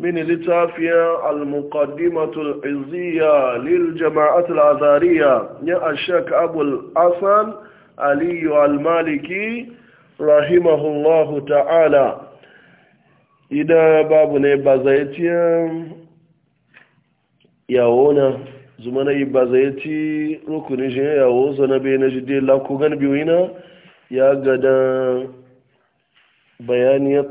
من لتافيا المقدمة العزية للجماعة العذارية يا الشيخ أبو الأصل علي المالكي رحمه الله تعالى إذا باب نبازيتيا يونا zumana yi ba zai ci rukunin shi ya wozo na bai na jide lakugan biyu ya gada bayaniyar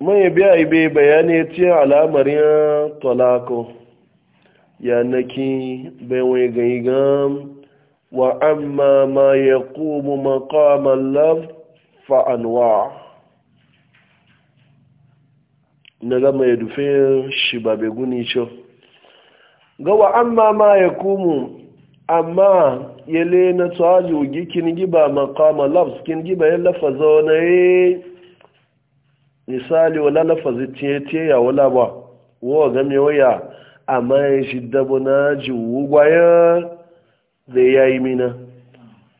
mai biya ibe bayani ce alamar ya talako ya naki baiwai gani gam wa amma ma ya kubu makaman laf fa'anwa na gama ya dufe shi ba bai guni ce ga wa amma ma ya kumu amma yale na tsaji gikin giba makaman laf skin giba ya lafa zaune misali wala lafazi tiye tiye ya wala ba wo ga me waya amma shi dabo na ji wugwaya da ya mina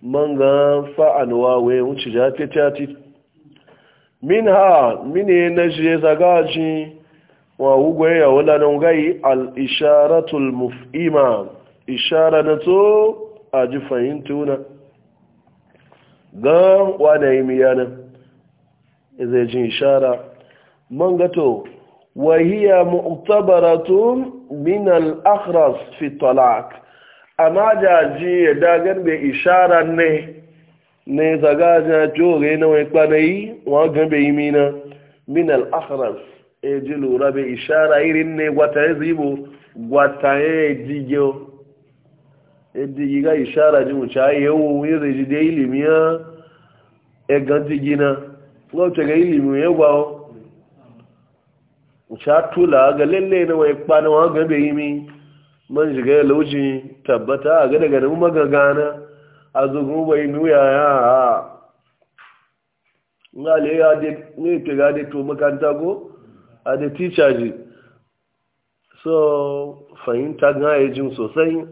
man ga fa'anwa we wuce ja ta min ha mini na je ji wa wugwaya ya wala nan gai al isharatul muf'ima ishara na to a ji fahimtuna ga wane yi miyanin zai jin ishara man gato wahiya mu'tabaratun min al-akhras fi talaq amma jaji ya dagan bai ishara ne ne zaga na jore na wani kwanayi wa gan bai yi mina min al-akhras e ji lura bai ishara irin ne gwata ya e zibo gwata ya jigo e, e yi ga ishara ji wuce ya yi yawon yi zai ji da ilimi ya e ganti gina wacce ga ilimin ya gwawo wuce tula ga lalle na wai kwana wa gabe yi mi man shiga ya lauci tabbata a ga daga nan magagana a zugun bai nuya ya ha ngale ya de ne te ga de to makanta go a de teacher ji so fahimta ga ya e jin sosai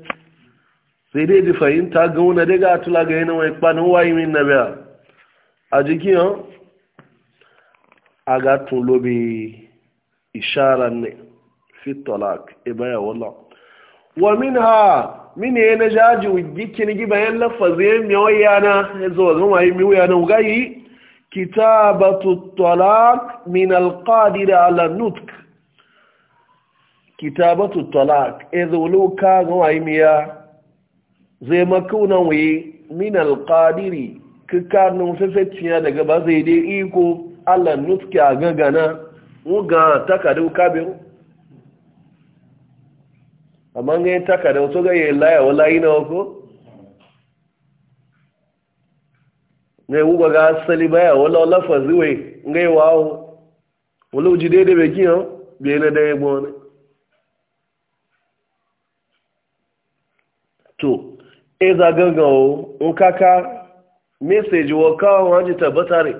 sai dai di fahimta ga wani daga tula ga yana wai kwana wa yi min na biya a jiki jikin aga tun lobe isharar ne fitolak ibaya e wala wa min ha mini ya na jaji wigiki ni giba yan lafazi miyoyi na ya zo zo ma yi miyoyi na wugayi kitabatu talak min alqadir ala nutk kitabatu talak zo luka yi miya zai makuna wi min alqadiri kika nun fefetiya daga ba zai dai iko ala nufke a gagana ga takardun kabin amma ga yi takardun so ga yi laya wala layi na wako ga yi wuga ga asali baya wala wala wai ga yi wawo wala uji daidai bai kiyan bai na daya gbọ́nai to e za gangawo in kaka meseji wa kawo hajji tabbatare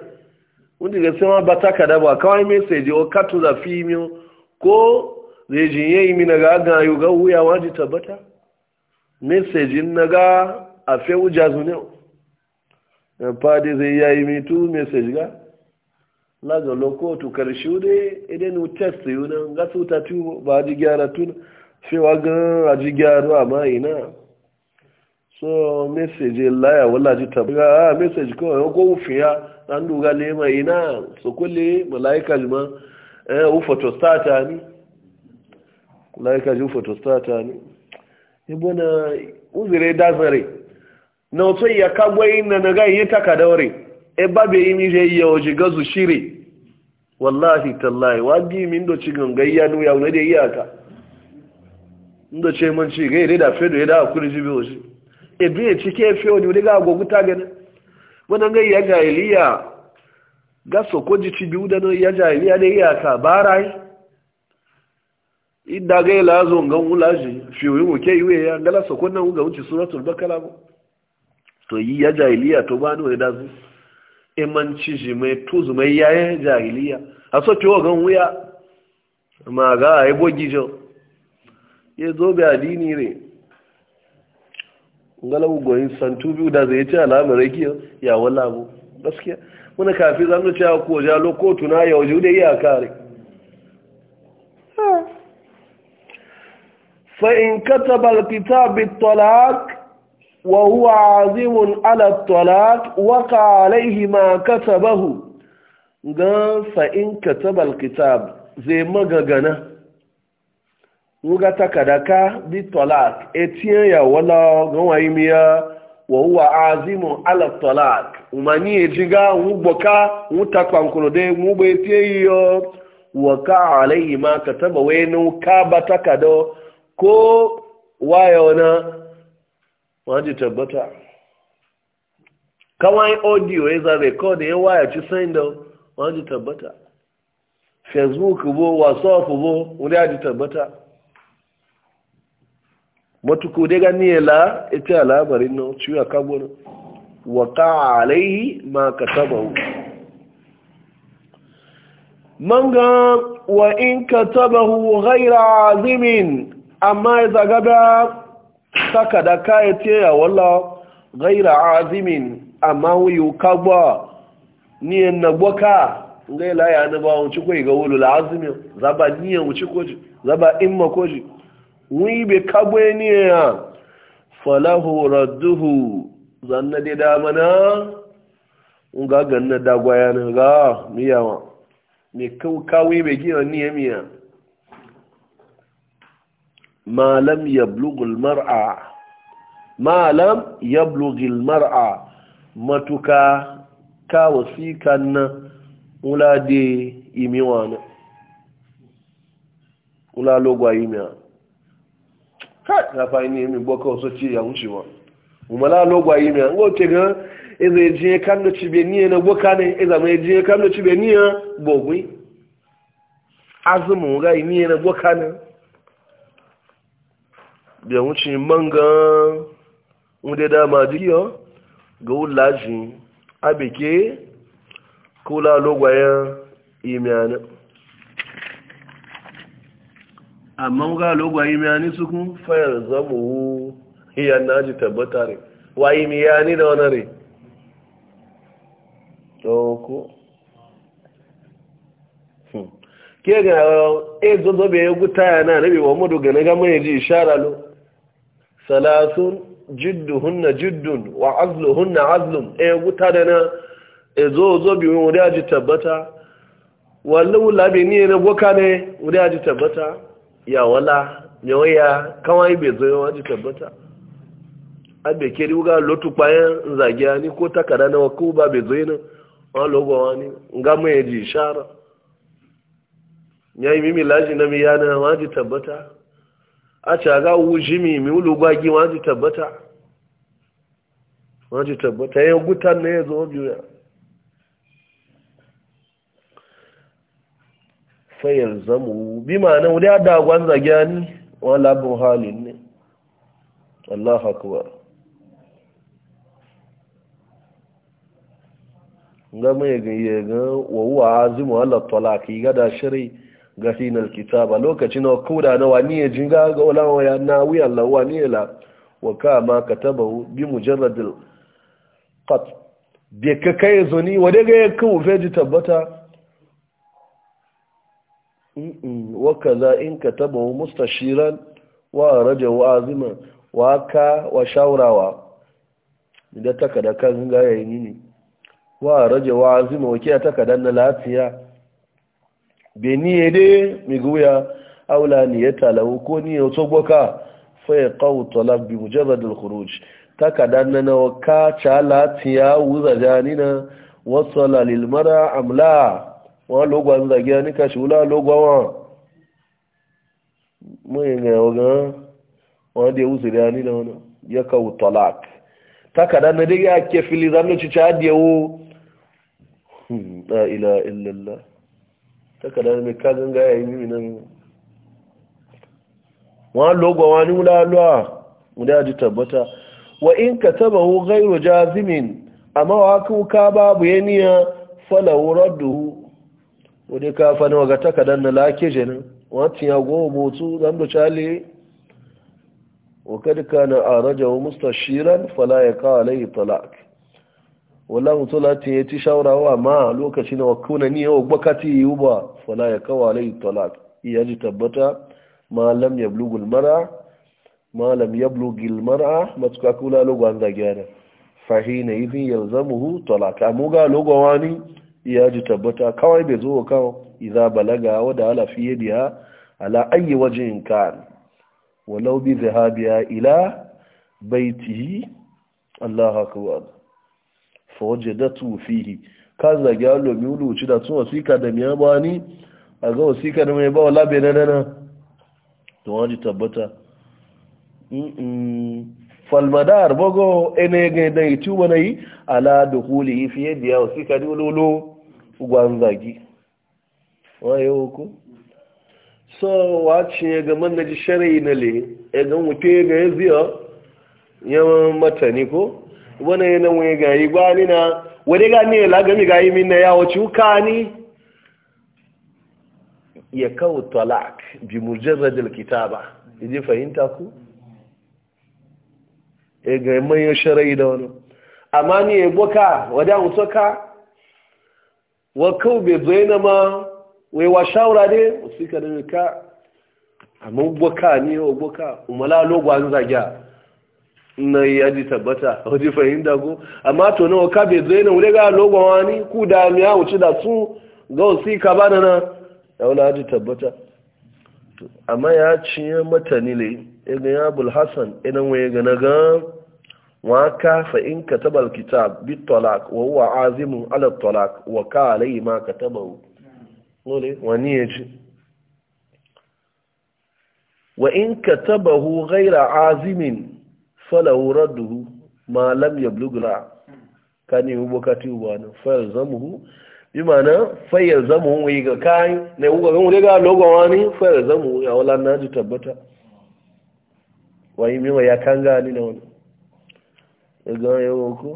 wanda ga sai ma ba ta kada ba kawai message o katu za fi mi ko zai jin yayi mi naga ga yu ga wuya waji tabbata message naga a fe ujazu ne na fadi zai yayi mi tu message ga la ga loko tu karshu de idan e u test yu na ga su ta tu ba ji gyara tu fe wa ga ji gyara amma ina so message laya wala ji tabbira a ah, message kawai ko eh, ufiya dan duga le mai na so kulle malaika ma eh u photo stata ni malaika ji photo stata ni ibona uzire zare na so ya ina na yi ta ka daure e babe yi mi je ya ji gazu shiri wallahi tallahi wadi min do ci gangayya nu ya wani da iyaka ndo ce man ci gai da fedo ya da kuri jibi oji ebi ya cike fi wani wani ga agoguta gani wani ga ya jahiliya ga sokoji ci biyu da ya jahiliya da ya ka barai inda ga ila zo ngan ji fi wani muke iwe ya gala na nan ga wuce suratul bakara ba to yi ya jahiliya to ba ni wani dazu imanci e shi mai e e ya ya yayin jahiliya a so ciwo gan ya ma ga a yi bogi jau ya zo bi adini re. galau goyin santu biyu da zai ci al'amarai kiyo ya wala mu gaskiya muna kafi za mu cewa ko ja lokotu na ya waje da iya kare fa in kataba al-kitab at-talaq wa huwa azimun ala at-talaq waqa alayhi ma katabahu ga fa in kataba al-kitab zai magagana nga takadaka bi talak etiyan ya wala gawa imiya wa huwa azimu ala talak umani ejiga ngboka ngutakwa nkolode ngbo etiyo wa ka alayhi ma kataba wenu kaba takado ko wayona waje tabbata kawai audio ya record ya e waya ci sendo waje tabbata facebook bo whatsapp bo wanda ya tabbata matuku daga niyela ita labarin nan ciwa a wa waka alaihi ma ka taba manga wa in ka taba ghaira azimin amma ya zagaba saka da kayan teya wala ghaira azimin amma wuyi kagba niyan na gwaka ngai ya na ba wuci ko ga wulu la azimin zaba niyan wuci koji zaba in ma ji wibe kagbe ni ya falahu radduhu zanna náà damana nga ganna dagwaya na ga miyawa me kawai bai gina niya miya malam ya blugul mar'a malam ya blugul mar'a matuka ka wasikan na wula de imiwa na wula logwa imiya kai ya fa ni min boko so ci ya wuce wa umala logwa yi me ngo te ga e ze je kan do ci be ni na boka ne e za me je kan do ci be ni bogwi azumu ga ni na boka ne Bi da wuce manga wunde da ma jiyo ga wulaji abeke kula logwa ya imiyanin amma ga logwa yi miyani su kun fayar zamu iya na naji tabbata ne wa yi miyani da wani ne ɗauko hmm. ke ga e zozo bai be taya na rabe wa mudu ga na gama ya ji ishara lo salasun jidduhunna jiddun wa azluhunna azlum e eh, yagu da na e zozo bi wani ji tabbata wallan wula bai ni na boka ne wani ji tabbata ya wala yawaya kawai bai zo yawa ji tabbata abe kiri wuga lotu kwayan zagiya ni ko takara na ko ba bai zo yi yana wa logowa ne, nga mai ji shara? ishara yi mimi laji na mi yana wa ji tabbata a ci aga wuji mi mi ulugwagi wa ji tabbata wa ji tabbata ya gutan na ya zo biyu fayar zamu bi ma'anin wuri a dagon ne wani labin halin ne Allah hakuwa gama ya ganye ga wawuwa azimu Allah talaki gada shiri ga final kitaba lokacin na da na wani ya jinga ga ulama ya na wuyan lawa ne la wa kama kataba bi mujarradil qat bi ka kai zuni wa daga ya kawo feji tabbata wakaza in ka taba mustashiran wa raja wa azima wa ka wa shawarawa da takada kan gaya yi ne wa raja wa azima wa kiya takada na Be ni beniye de miguya aula ni ya talawo ko ni ya tsogoka fai kawo talab bi mujarradul khuruj takada na wa ka ca lafiya wuzajani na wasu lalilmara amla wọn ló gba ńlàgé aníkàṣùlá ló gba wọn mú ìrìn ọ̀gán wọn dé wùsùlẹ̀ anílẹ̀ wọn yẹ kawo tọ́lák takada na dai ya ke fili zanen cuci hmm, na ila illalla takada na mai kagin gaya yi minan wọn ló gba ya tabbata wa in ka taba hu gairo jazimin amma wa kuka babu yaniya falawo raddu wani kafa na waga takadar na lake jini wata ya goma motu zan da cale ka na a raja wa shiran fala ya kawo alayi talak wala mutu latin ya ci shawarawa ma lokaci na wakuna ni yau bakati yi uba fala ya kawo alayi talak iya ji tabbata ma lam ya blugul mara ma lam ya blugil gulmara matuka kula logon zagiya da fahina yi fi yalzamuhu talak amuga logon wani ya ji tabbata kawai bai zo kan iza balaga wadda ala fiye biya ala ayi wajen kan walau bi zahabiya ila baitihi Allah akbar fawajadatu fihi kan zage allo mi uluci da tun wasika da miya ni a ga wasika da mai bawa labe na nana to ji tabbata falmadar bago ene ga dan yi tuba yi ala da dukhuli da yadi wasika dululu gwanzagi waye hoko so wacin ya gaman na ji shari'i na le e ya gan wuce ga ya ziya ya mata ni ko wani yana wani gayi gwani na wani gani ya lagami gayi min na yawo cuka ni ya kawo talak bi mujarradil kitaba idi fahimta ku E ga manyan shari'i da wani amma ni ya boka wadda mutuka wakau bai zaina ma wai wa shawara ne wasu ka da ka amma boka ne wa boka umala logwa an zagiya na iya ji tabbata wajen fahimta ko amma to na waka bai zaina wule ga logwa wani ku da miya wuce da su ga wasu ka ba da na ya wula ji tabbata amma ya ci mata nile le ya ga ya bulhassan ina wai ga na gan wa ka fa in kataba alkitab bitalaq wa huwa azimun ala talaq wa ka alayhi ma kataba wole wani yaji wa in katabahu ghayra azimin falahu radduhu ma lam yablughra kani ubukati ubana falzamuhu bimana falzamuhu yiga kai ne uga gun rega logo wani falzamuhu ya wala naji tabbata wa yimi wa ya kanga ni na wani ẹgbẹ́ ẹwọ́ kú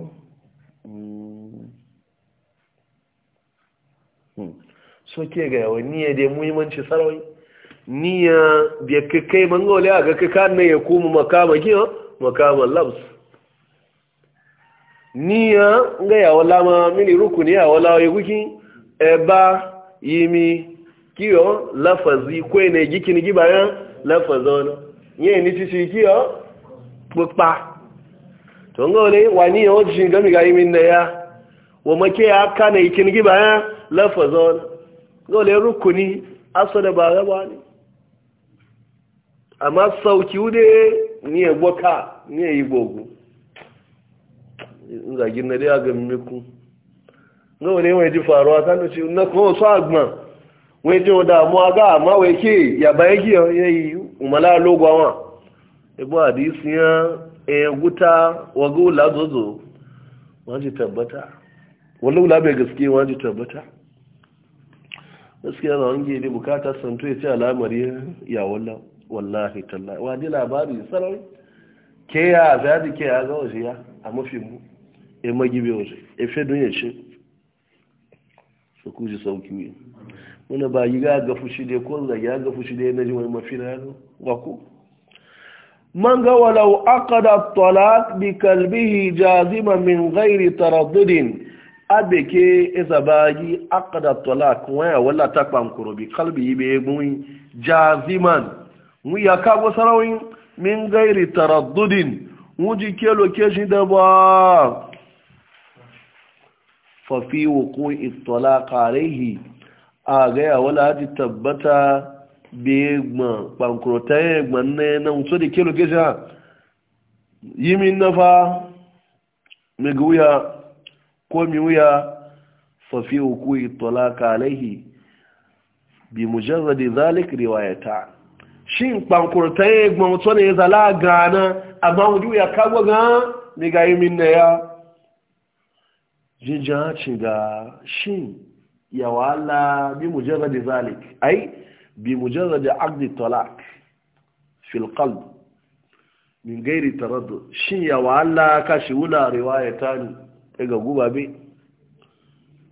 soke ga yawa niyya da muhimmanci sarawai niyya da kakai mangole a ga kaka na ya kuma makama giyo makama labs niyya ga yawa lama mini rukuni yawa lawa ya guki eba yimi kiyo lafazi kwai ne gikin gibayen lafazon yi ni ti shi kiyo pupa to nga wani wani ya wajen gami ga imin da ya wa make ya na ikin giba ya lafaza wani nga rukuni aso da ba gaba ne amma sauki wude ni ya gwaka ni ya yi gogo zagin na dai a gami ku nga wani ji faruwa ta nuci na kuma su agban wani ji damuwa ga amma wai ke ya bayan ya yi umala logwa wa ibu hadisi e guta wagula zozo waji tabbata wula bai gaske waji tabbata gaskiya na wange ne bukatar santo ya ce alamari ya wallah wallahi talla wani labari sarari ke ya zaɗi ke ya ga waje ya a mafi mu e magibe waje e fe dunya ce su kuji sauki wani ba yi ga ga fushi dai ko zagi ya gafu shi dai na ji wani mafi na yano ba ku man ga walau aqada bi kalbihi jazima min ghairi taraddudin abeke isabagi aqada talaq waya wala takpam kuro bi be gun jaziman mu yakago sarawin min gairi taraddudin wuji ke location da ba fa fi wuqu'i talaqa alayhi a ga ya tabbata be gbọn kpankurota yẹn gbọn nẹ na nso de kelo kesi a yimi nafa mege wuya komi wuya fafi oku itola ka alaihi bi mujarradi zalik riwayata shin kpankurota yẹn gbọn nso ne zala gana amma wuju ya kagwa ga mega yimi na ya jinjin ga shin ya wala bi mujarradi zalik ai بمجرد عقد الطلاق في القلب من غير تردد شيا ولا كشولا روايه ثاني اغا غبابي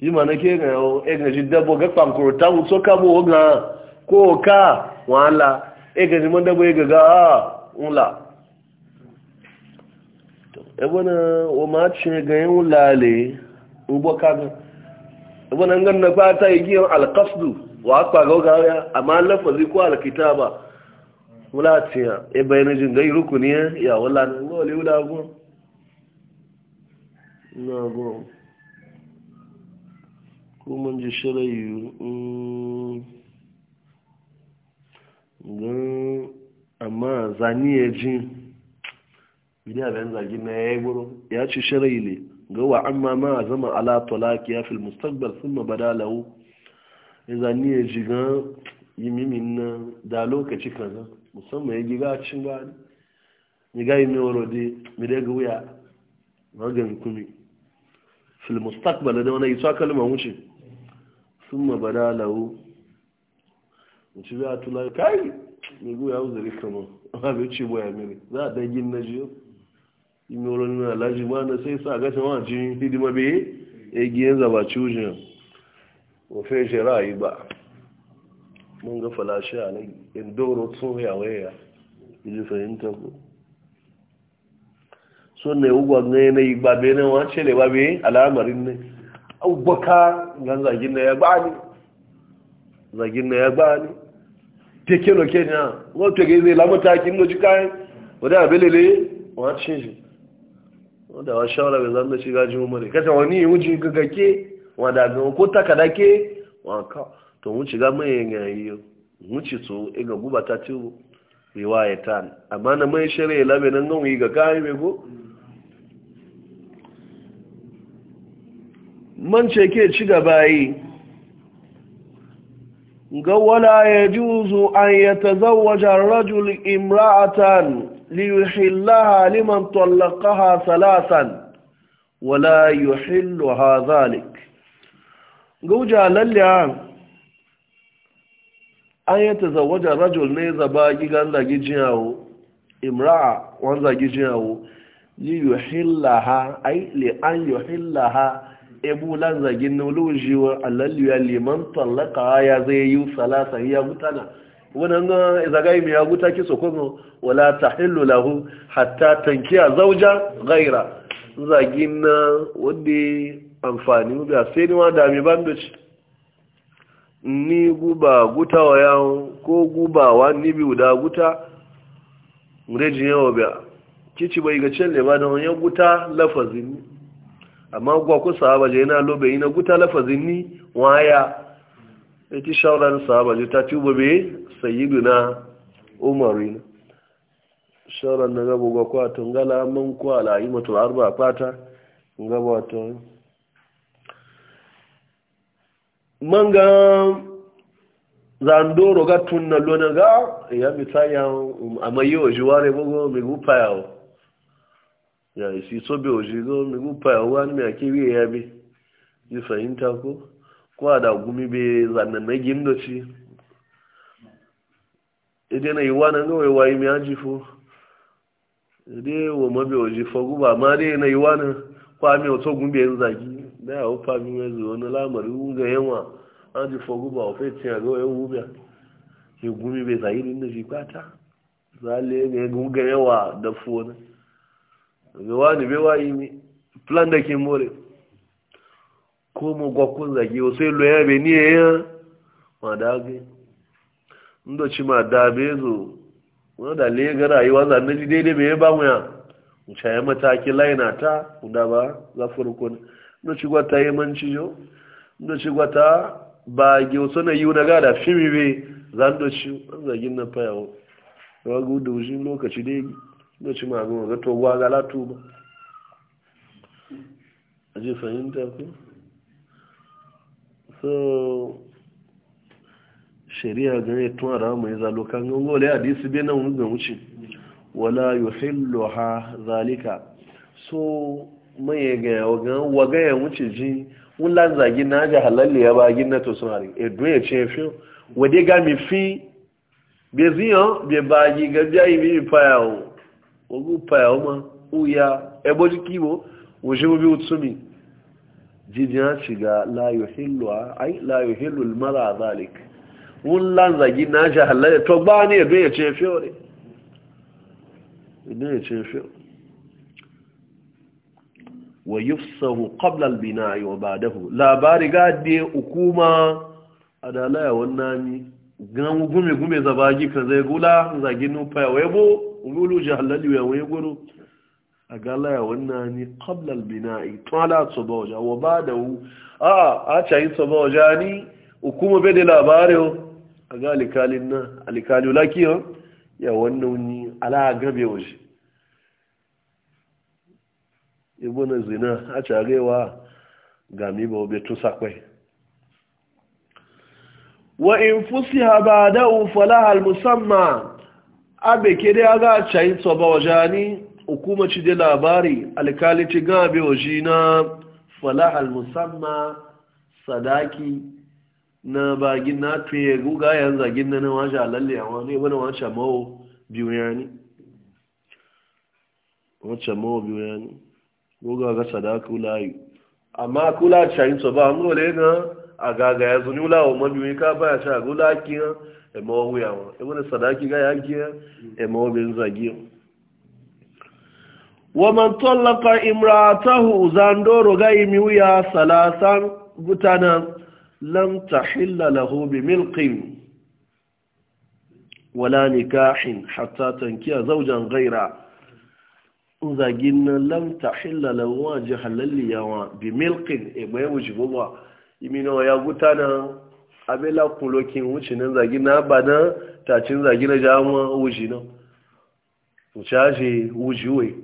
yi ma na ke gayo egaji dabo ga kwankwarta wuto ka bu oga ko ka wahala egaji ma dabo ga ga a nula ebe na o ma ce gayen wulale ugbo ka ga ebe na ngan na fata igiyar alkafdu wa kwa gauga ya amma lafazi ko alkitaba wala tiya e bayan jin gai rukuni ya wala ngo le wala go na go ko mun ji shirayu gan amma ya ji bini abin zagi ne ya yi wurin ya ci shirayi ne ga wa amma ma zama ala talaki ya fil mustaqbal sun mabada lahu zani ya ji gan yi mimin na da lokaci kaza musamman ya giga cin gani ya ga yi mewaro da midaga wuya magan kumi filmustak bala da wani isa kalma wuce sun ma da lahu wuce za a tula kai mai guya uzuri kama amma bai ce boya mini za a dangin na jiyo yi mewaro na alhaji ma na sai sa gasa ma jini hidima bai yi ya giyan zaba ciwujin ofe jera yi ba mun ga falashi a na indoro doro tun yawaya iji fahimta ku so ne ugwa na yanayi ba bai nan wace ne ba bai al'amarin ne abubaka ga zagin na ya ba ni zagin na ya ba ni teke loke na wata ga zai lamata kin loji kayan wadda abelele wace shi wadda wa shawara bai zan da shiga jin umar kasa wani yi wujin gagake wada ga ko takada dake? wanka to mun shiga mai yayi mun ci so e ga guba ta ci riwaya ta amma na mai shari'a labe nan gan ga kai me go man ce ke ci gaba yi ga wala ya juzu an ya tazawwaja rajul imra'atan liyuhillaha liman tallaqaha salasan wala yuhilluha zalik gauja lalle an yi ta zawaja rajul ne zaba gigan zagi imra imra'a wani zagi yawo yi ha ai le an yi ha ebu lan zagin nuluji wa alalliya liman tallaka ya zai yi salasa ya gutana wannan zagayi mai ya guta ki mu wala ta tahillu lahu hatta tankiya zauja gaira zagin na wadda amfani ga sai ni ma dami bandoci ni guba guta wa yawon ko guba wa ni biyu da guta rejin wa biya kici bai ga can leba don yan guta lafazin ni amma gwa ku sahaba je yana lobe yana guta lafazin ni waya ya e ti shawarar sahaba je ta tuba bai sayidu na umaru na shawarar na gaba gwa kwa tungala man kwa ala'imatu arba fata gaba ta manga zandoro ga tunna lona ga ya mitaya amayo jiware bogo migupa yao ya isi sobe ojigo migupa yao wani me akibi ya bi ji fahimta ko kwa da gumi be zanna na gindo ci idan na iwana ga wai wai mi ajifo idan wo mabe ojifo guba ma dai na iwana kwa mi oto gumbe zagi da ya wufa bi mai zuwa na lamari ga yawa an ji fogu ba ofe cin ga yawan wubiya ke gumi bai zahiri da shi kwata zale ga ga ya da fona ga wani bai wa yi plan da ke more ko mu gwakun zage wasu ya loya bai ni yaya ma da ma da bai zo le bai ba mu ya mu mataki laina ta da ba za no chigwata yi jo no gwata ba ge osona yuna na da fimi be zando shi an zagin na fayawo wa gudu shi lokaci dai no ci ma ga to gwa ga latu ba ji fahimta ku so shari'a gane tun ara mai zalo kan gole hadisi bai nan wuce wala yuhillu ha zalika so mun yi ga wagan wagan ya wuce ji mun lan zagi na ji halalle ya ba gin na to sun hari edu ya ce fi wade ga mi fi be ziyan bi ba gi ga bi ayi mi pa o ogu pa o ma u ya e bo ji kibo wo je bi utsumi jijiya ci ga la yuhillu ai la yuhillu al mara zalik mun lan zagi na ji halalle to ba ne edu ya ce fi o ne edu ya ce fi o wa yufsahu qabla al-bina'i wa ba'dahu labari gade hukuma adalaya wannan gan gume gume zabagi ka zai gula zagi nufa ya webo ululu jahallali ya wegoro a ya wannan ni qabla al-bina'i tala soboja wa ba'dahu a a cayi soboja ni hukuma bai da labari a ga alikalin nan alikali lakiyo ya wannan ni ala gabe waje ibuna zina a carewa ga mibo obe sakwai wa in fusi ha ba da falahal musamman abe kere a ga cayin tsoba wajani hukuma ci da labari alkalici gabe waje na fala musamman sadaki na bagin na tuye guga yan zagin na na wajen alalle a wani ibina waje. mawo biyu ya ne wancan mawo biyu ya goga ga sadaku layu amma kula shayin so ba mu le na agaga ya zuni ula o mabi ka ba sha gula kiya e mo wuya wa e wona sadaki ga ya kiya e mo zagi wa man talaqa imra'atahu zandoro ga imi wuya salasan gutana lam tahilla lahu bi milqin wala nikahin hatta tankiya zawjan ghaira zagin nan lam ta hillala wa ji halalli yawa bi milkin e bai wuce buwa imino ya guta na abela kulokin wuce na zagi na ba nan tacin zagi na jama wuce nan wuce wuce wai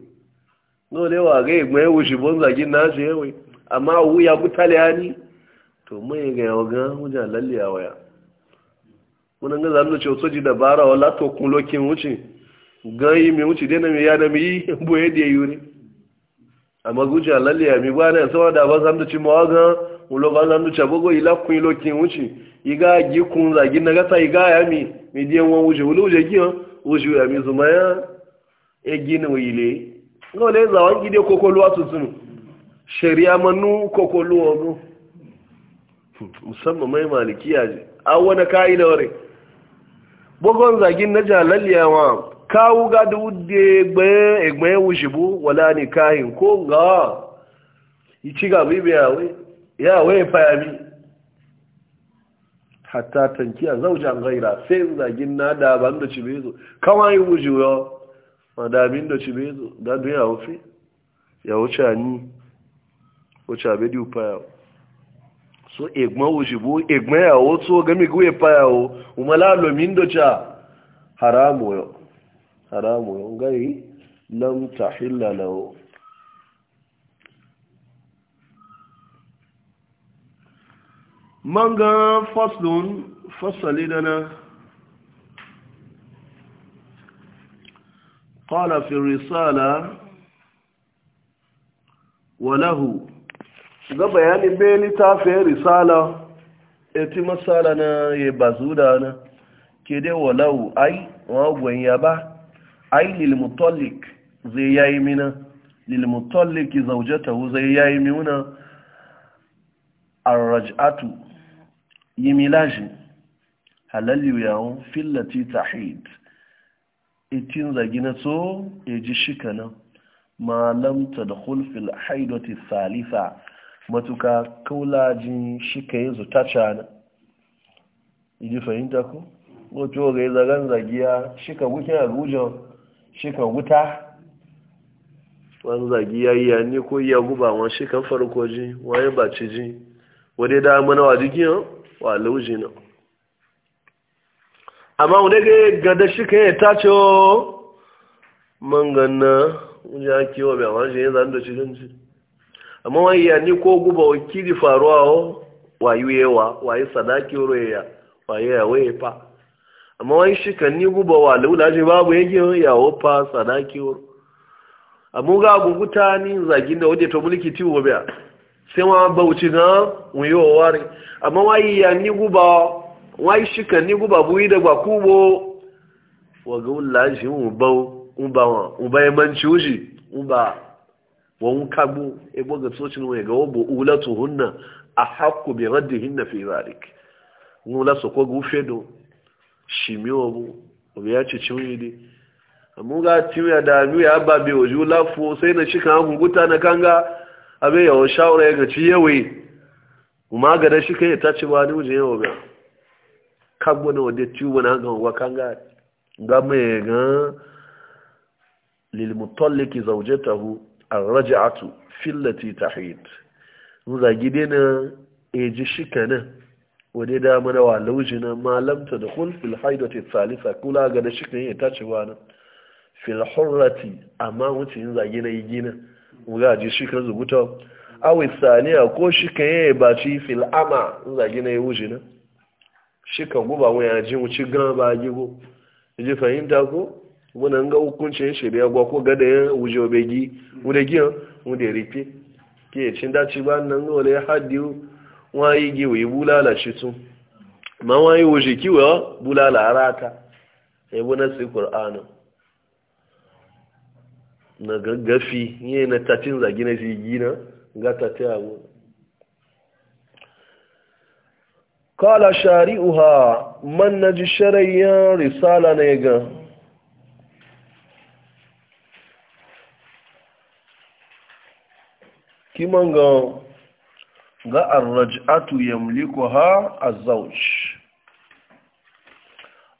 no da yawa ga igbe wuce bon zagi na ce yawai amma wu ya guta da yani to mai ga yawa ga wuce halalli yawa ya wani ga zanen ce wasu ji dabara wala to kulokin wuce gayi mai wuce dai na mai yana mai boye da yuri amma guji alalle ya mi ba na sawa da ba zan duci mawa ga wulo ba zan duci abogo ila kun ilo kin wuce iga gi kun zagi na gasa iga ya mi mai diyan wan wuce ulo wuce gi wuce ya mi zuma ya e gi na wile ga wale za wan gide kokolo asu sunu shari'a manu kokolo ogo musamman mai malikiya je a wani ka'ida ware bugon zagin na jalalliyawa kawu ga da wudde egbe wushibu wala ni kahin ko ga ichi ga bibi yawe yawe fayami hatta tankiya zaujan gaira sai zagin na da ban da cibezo kama yi wujiyo madamin da cibezo da duniya wufi ya wuce ni wuce abedi upayawo so egbon oshibu egbon yawo so gami gwe payawo umala lomi ndocha haramu yo haramu ngai lam tahilla lahu manga faslun fasali dana qala fi risala walahu ga bayanin bai littafin risala eti masala na ya bazu da na ke dai walahu ai wa gwen ya ba ai lilmutallik zai yayi mina lilmutalliki zaujatahu zai yayi mina arraj'atu yimilaji halalyu yawon fillati tahid itin zagi na so ya ji shika nan malamta da hulfil haidoti salisa matuka kaulajin shika ya zuta Yi iji fahimta ko. wato ga yi zagan zagiya shika wikin abuja shika wuta wani zagi ya yi ya ni ko iya guba wọn shikan farko ji wani baci ji Wani da mana wa jikin wa lauji na amma wadai ga gada shikan ya tace oh, man ganna wani ya kewa bai wani shi ne zan da cikin ci amma wani ya ni ko guba wa wakili faruwa oh, wa yi yewa wa yi sadaki roya wa yi yawa ya fa amma wani shi ni guba wa lula shi babu yake yawo fa sadaki wuro amma ga guguta ni zagin da wadda ta mulki tiwo biya sai ma bauchi na wuyo ware amma wai ya ni guba wai shi kan ni guba buyi da gwakubo wa ga lula shi mu bau mu ba mu ba man ciuji mu ba wa mu kabu e boga tsocin mu ga wobo ulatuhunna ahqqu bi raddihinna fi zalik mu la soko gufedo shimi wabu wabu ya ci ciwi ne amma ga tiwi ya da ya ba bai waje lafo sai na shi kan hunguta na kanga abe yawon shawara ya gaci yawai kuma ga da shi kai ta ci ba ni wajen yawa ga kan wani wadda tiwo na ga wa kanga ga mai ga lilmutalliki zaujatahu arraj'atu fillati tahid mu zagi dena eji shikana wani da mana wa laujina malamta da kun fil haidati salisa kula ga da shi kan yi ta cewa nan fil hurrati amma wuce yin zage na yi gina wuga ji shi kan zubuta awi saniya ko shi kan yi ba ci fil ama in zage na yi wuce na shi kan guba wani ya ji wuce gan ba a gigo ji fahimta ko an ga hukuncin shari'a gwa ko gada ya wuje obegi wuda giyan wuda rife ke cin dace ba nan ga wale haddiyu wọ́n yí gíwò yí búlálà ṣìtún ma wọ́n yí wòṣì kíwò búlálà aráta ẹ̀bọ́n náà sí kùránù na gaggafi yí na tatin zagi na fi yi na ga tatin abu kala uha man na ji sharayyar risala na ya ga kiman ga ga arraj'atu yamlikuha az-zawj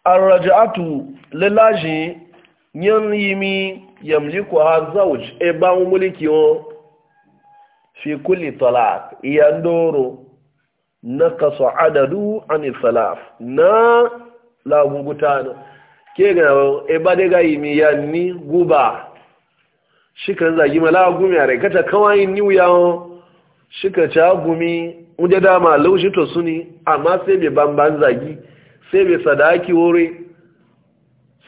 arraj'atu lalaji yan yimi yamlikuha az-zawj e ba muliki o fi kulli talaq yandoro naqasa adadu an salaf na la gugutano ke ga e ba de ga yimi yanni guba shi kan zagi mala gumi are kata kawai ni wuyawo shika ca gumi wuje dama laushi to suni amma sai bai bamban zagi sai bai sadaki wuri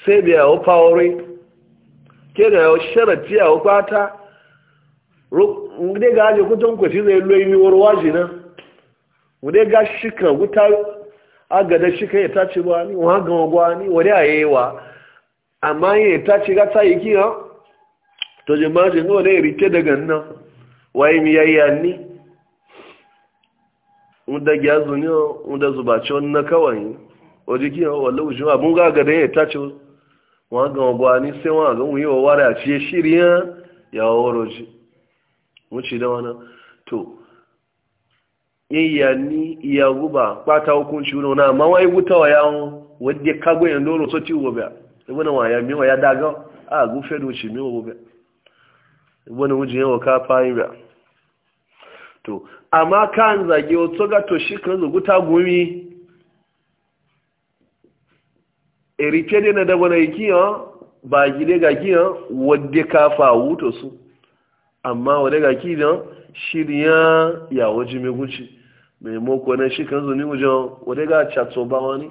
sai bai yawo wuri ke da yawo sharati yawo kwata wude ga aje kutan kwashi zai lo yi warwa shi na wude ga shika wuta agada shika ya tace ba ni wa ga wa ni wade a amma ya tace ga ta yi kiyo to je ma je no da rike daga nan wa mi ni wanda gyazu ne wanda zubaci wannan kawai o kiyan wala wujin abin gaga da ya tace wọn ga gwani sai wọn ga wuyi wa wara ce shirya ya waro ji wuce da wani to yayya ni iya guba kwata hukunci wani wani amma wai wuta wa yawon wadda kago yan doro so ciwo biya ibina wa ya miwa ya e daga a gufe da wuce miwa biya ibina e wujin yawa ka to amma kan zage wato ga to shi kan zuguta gumi erike ne na daba na ikiya ba gide ga kiyan wadde ka fawo to su amma wadda ga kiya shirya ya waje mai guci mai moko na shi kan zuni wajen wadda ga chatso ba wani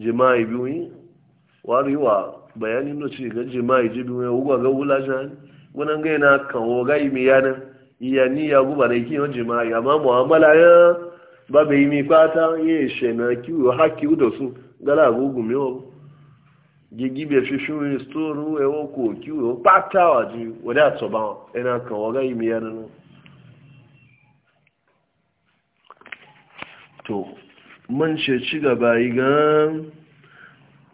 jima'i biyu yi wari wa bayanin da ga jima'i jibi mai wugwa ga wula jani wannan ga yana kan wogayi mai yanar iya ni ya guba na iki onji ma ya ma mu'amala ya ba be mi pata ye she na ki o haki udo su gala gugu mi o gigi be fi shun storu e o ko ki o pata wa ji o da so ba ena kan wa ga mi ya e no to man she ci gaba yi gan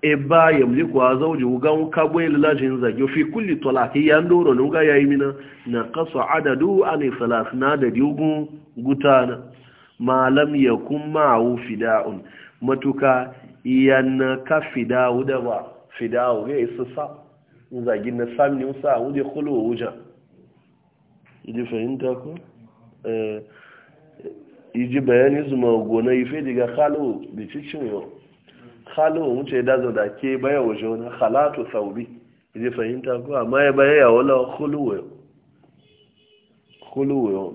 eba yamliku azawju bwe lila jinza zage fi kulli tolaki yan ndoro nunga ya imina na kaso adadu an salasna adadi ugu gutana ma ya kuma u fida'un matuka yan ka fida'u da ba fida'u ya isa zage na samni usa wuje kulu wuja idi fahimta ko eh iji bayani zuma gona ife diga khalo bi yau halin wa mutu ya dazo da ke baya waje wani halatu sauri zai fahimta ko amma ya baya ya wala huluwayo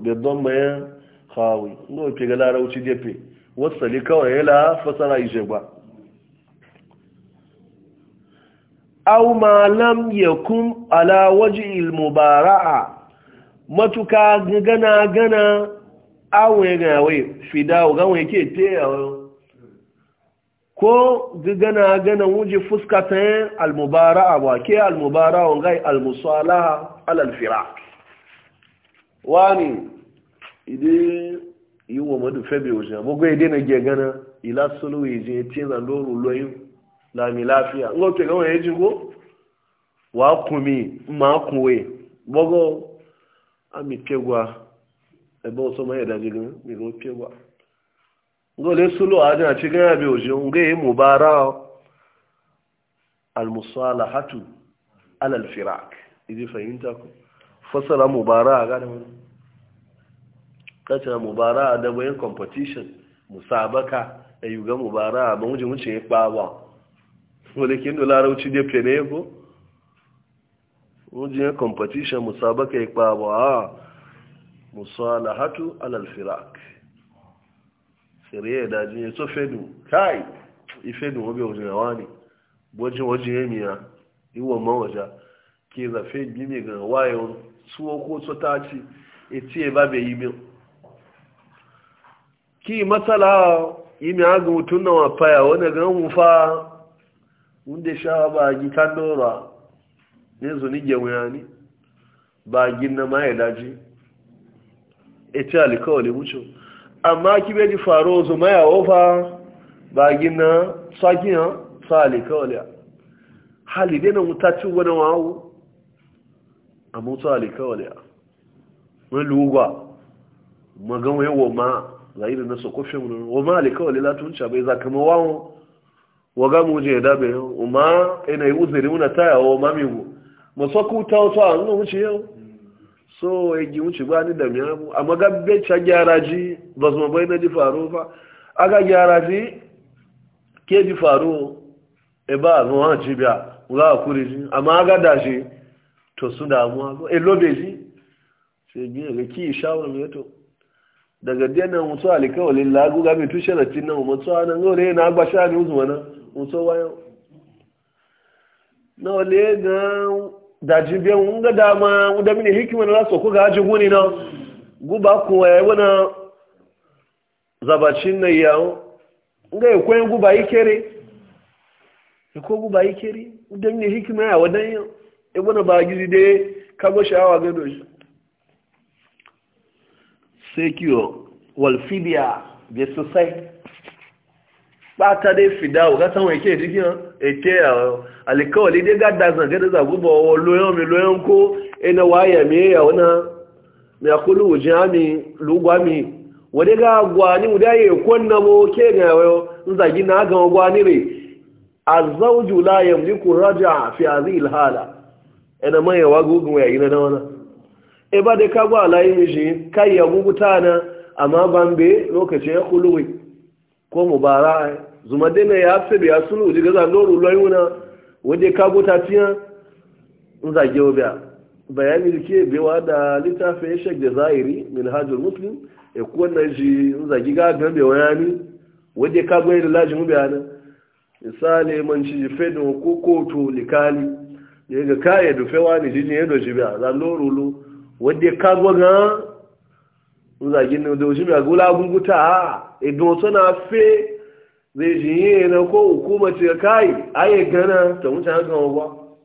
da don bayan hawi inda wafe ga larauci jefe wasali kawai yana fasara ishe ba au ma lam yakun ala waje ilmubara'a matuka gana gana awon ya gawe fidawo gawon yake te yawon ko gana gana wuje fuska ta yin almubara'a ba ke almubara'a gai almusalaha alal firaq wani ide yi wa madu febe wajen abubuwa ide na gya gana ila solo wajen ya ce zan doru loyi lami lafiya ngo te gawa ya jigo wa kumi ma kuwe bogo ami pegwa ebe oso ma yi dajirin mi go pegwa gole sulo a jina ci gaya bai oje nga yi mubara almusalahatu alal firak idi fahimta ku fasara mubara a gane wani kacin mubara a dabayin competition musabaka a e yuga mubara a ban wuce ya kpawa wale kin dola rauci da fene ko wujin competition musabaka ya kpawa a ah, musalahatu alal firak siriya da jin ya so fedu kai ifedu wabe wajen rawa ne wajen wajen ya miya iwon mawaja ke zafe gimi ga wayon suwo ko so ta ci e ci e ba bai yi min ki matsala yi mi aga mutum na wani fa wanda sha ba gi ba gin ma ya daji ci amma kibe ji faro zuma ya ofa ba gina sakiya sali kawaliya hali dai na mutacin wani wawo a mutu hali kawaliya wani lugwa magan wai woma zairi na sokofin wani woma hali kawali latunca bai za kama wawon waga muje ya dabe yau umar ina uzuri muna taya wa mamigu masu kuta wasu a nuna wuce yau so ya gi wuce ba ni da miyamu amma ga becca gyara ji ba su mabai na ji faru fa aka gyara ji ke ji faru e ba a zuwa ji biya wula a kuri ji amma aga da shi to su damuwa ko e lobe ji sai biya ga ki shawar mai to daga dena mutu alikawalin lagu ga mai tushe na cin nan mutu a nan gaure na agba shani ne uzuwa na mutu wayo na wale ga da biya wunga dama wunda mini hikima na laso ko ga haji guni na guba ko ya eh, wana zabacin na yawo nga ya kwen guba ikere ya ko guba ikere wunda mini hikima ya wadan yau ya e wana ba gizi dai kago sha'awa ga doshi sai kiyo walfidiya bai sosai bata dai fidawo ka san wai ke jikin eke alikawali dai ga dazan ga da gubo wo loyon mi loyon ko ina e waya me ya wana me mi wade ga gwani mu dai konna mo ke ga yo nzagi na ga gwani re azawju la yamliku raja fi hadhihi alhala ina e mai wa gugun ya gina da wana e ka gwa lai shi kai ya gugutana amma lokaci ya ko mubara zuma dai mai ya fi biya sunu ji gaza loru loyuna waje ka gota tiya in zage wa biya bayani da ke bewa da littafin shek da zahiri min hajjul muslim ya kuwa na ji in zage ga gambe wa yani waje kago ya da lajin biya na misali man ci ji fedon ko koto likali ya ga kaya da fewa ne ji ne ya doji biya za loru lo waje kago ga in zage ne doji biya gula gunguta idan suna fe zai ji yi na ko hukuma ce kai aye gana ta mutane kan wa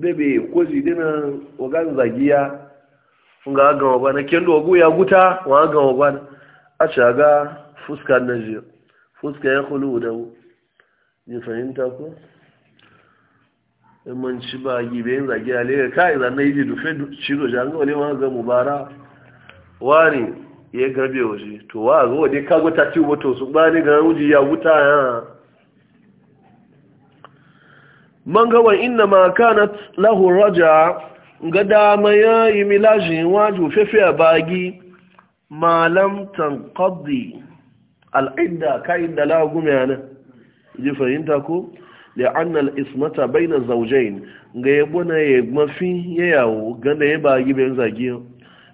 bebe ko ji dina wagan zagiya ga ga wa na kendo wa ya guta wa ga wa a shaga fuska na ji fuska ya kulu da ni fahimta ko in man ci ba gibe yin zagiya lera kai zanne yi dufe ciro jangole ma ga mubara wani ya garbe waje to wa zo dai kago ta ci wato su ba ni ga wuji ya wuta ya man ga wa inna ma kanat lahu raja ga dama ya yi milaji waju fefe a bagi malam tanqadi al'idda kai da la gumiya ne ji fahimta ko لأن الإسمة بين الزوجين غيبنا يغمفي يياو غنده يباغي بين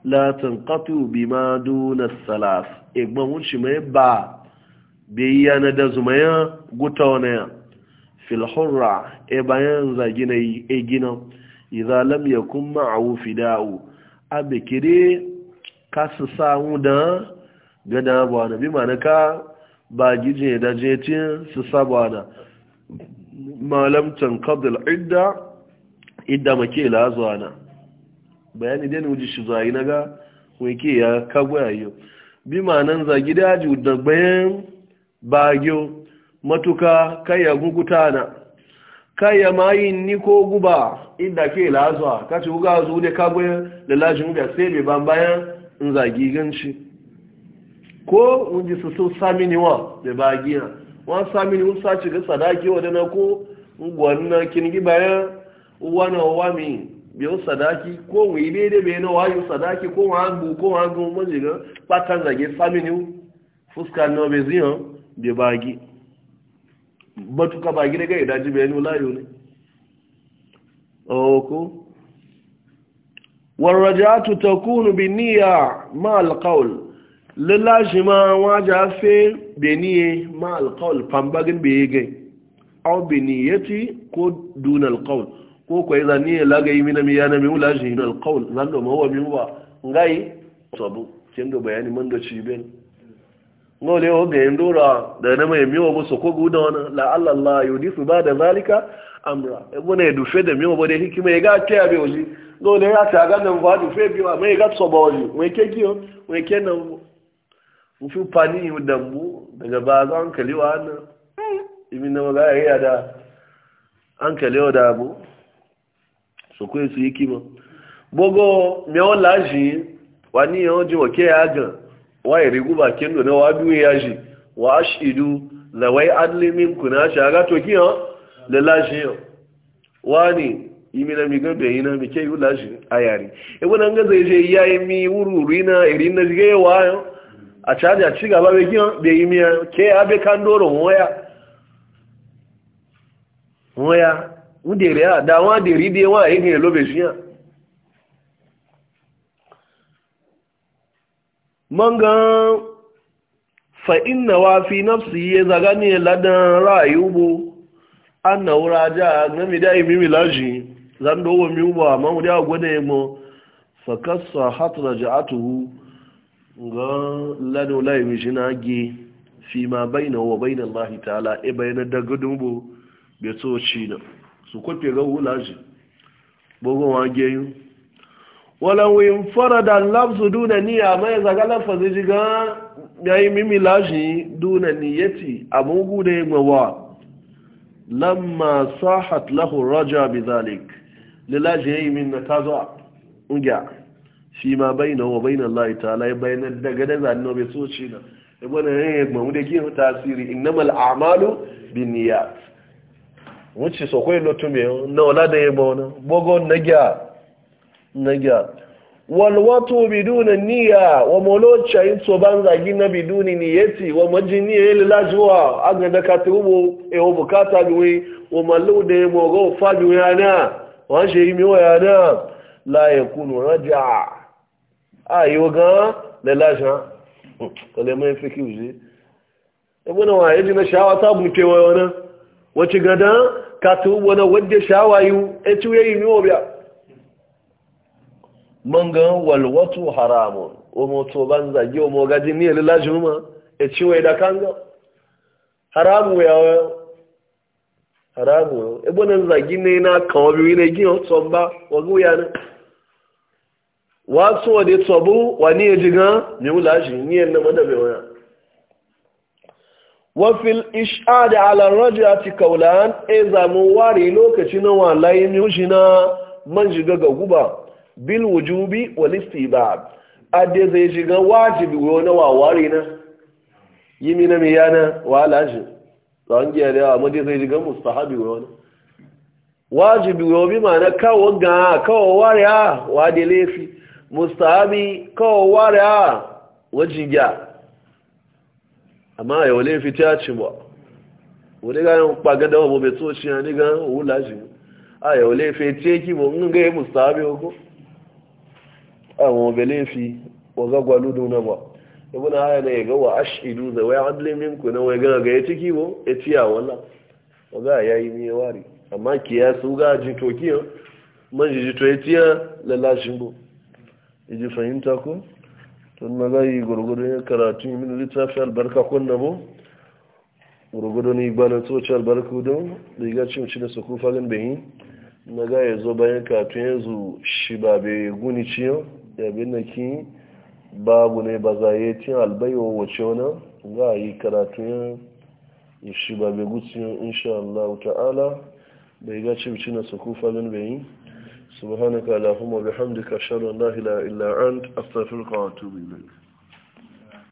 la tanqatu bima duna salaf igban shi mai ba biya na da zumaya guta wani fil hurra e bayan zagi e gina idza lam yakun ma'ahu fida'u abikire kasu samu da gada ba na bi mana ka ba gije da ci su sabana malam tanqadul idda idda make lazuwa na bayani dai ne wuji shi zuwa yi na ga wake ya kagwaya yi bi ma'anan zagi daji da bayan bagyo matuka ya guguta na kayya yi ni ko guba inda ke lazuwa ce guga zuwa ne kagwaya da lashin guga sai mai ban bayan in zagi ganci ko wunji su sun sami wa da bagiya wani sami ni wusa ci ga sadaki wadana ko gwanin na kingi bayan wani wa mi biyo sadaki ko wai ne da bai na wayo sadaki ko wa agbu ko wa agbu mun jiga patan zage family fuska no be ziyo be bagi batuka bagi daga idaji be no layo ne oko oh, warajatu takunu bi niyya ma alqawl lalajima waja fe be niye ma alqawl pambagin be yege aw bi niyyati ko dun alqawl ko ko idan ni lagayi mina mi yana mi wula shi hidal qawl zan do mawa mi wa ngai sabu kin do bayani man do ci ben ngole o ga ndura da na mai miwa bu so ko guda wana la allah allah yudisu ba da zalika amra e bona du fe da miwa bo de hikima e ga ke abi oji ngole ya ta ga nan dufe du fe bi wa mai ga so ba oji mai ke kiyo mai ke nan mu fi pani yu dambu daga ba zan kaliwa na ibi na ga ya da an kalewa da abu sokwe su yiki ma bogo mewo laji wani yawon ji wake ya ga waye rigu ba kendo na ya ji wa ashidu zawai adlimin kuna shaga to kiyan da laji yau wani imi na miga bai na mike yi laji a yari ebe nan gaza ya e ya e yi mi wururi na iri na jiga ya wayo a caji a ci gaba bai kiyan bai mi miya ke abe kan doron wọ́n waya ń dèrè àdá wọn dèrè dé wọn àyè kìí lóbe sí mangan fa'in na nafsi ya zaga ladan ra'ayi ugbo an wura gami da imi milaji zan dogo mi da ya ya mo fakasa hatara ja atuhu ga ladan mi fi ma bayna wa bayna Allah ta'ala e bayna da gudunbo bai so ci su kwafe ga hula shi bugun wage yi walawin farada lafzu duna niyya mai zaga lafazi jiga ya yi mimi lashi duna niyyati a mugu da ya gbawa lamma sahat lahu raja bi zalik lilashi ya yi min na ta zuwa ungya shi ma bai na wa bai na Allah ta'ala ya bayan daga da zanen obe so ci na ibana ya yi gbamu da gina tasiri innamal amalu bin niyyat wuce so kwai lotu me na wala da yabo wani bogo nagya nagya walwatu biduna niya wa molocha in so ban zagi na biduni yeti wa majini ele lajwa aga da katubu e o bukata biwe wa mallu da yabo go faju yana wa she mi o yana la yakunu raja a ga le laja kale mai fiki uje ebo na wa yaji e na shawa ta bu wa wannan wace gada ka tu wani wadda shawayu ya e ci yayi miwo biya man ga walwatu haramun o mo to ban zagi o mo gaji ni lila juma e ya ci wai da kanga haramu ya haramu e bonan zagi ne na kan bi ne gi o to ba o ya ne wasu so de to bu wa ni e jigan ni ula shi ni en na madabe wa wafil ish'adi ala rajati an e zamu ware lokaci na walayin yushi na man shiga ga guba bil wujubi ba a adde zai shiga wajibi wo na ware na yimi na miyana wala da zan giya da amma dai zai shiga mustahabi wo na wajibi wo bi na kawo ga kawo ware ha wa de lefi mustahabi kawo ware ha wajiga amma ya wale fi ta ci ba wani ganin kpagada wa bobe so shi ni gan wula shi a ya wale fi ce ki bo nga ya mustahabi oko a wa bele fi wa ga gwalu duna ba ibn haya ne ga wa ashidu da wa adli minku na wa gana ga ya ciki bo ya ya wala wa ga yayi mi wari amma su ga ya man to ya ya lalashin bo ji fahimta ko tun magayi gurgudun karatu mini littafi albarka kunna bu gurgudun gbanin tsoci albarku don riga cin cin su kufarin bayi na ga ya zo bayan ya yanzu shi ba bai guni ciyo ya na ki babu ne ba za yi tin albayo wace wani za a yi karatu ya shi ba bai gutsi insha Allah ta'ala bai ga cin cin su kufarin bayi subhanaka allahumma bihamdika ashhadu an la ilaha illa ant astaghfiruka wa atubu ilayk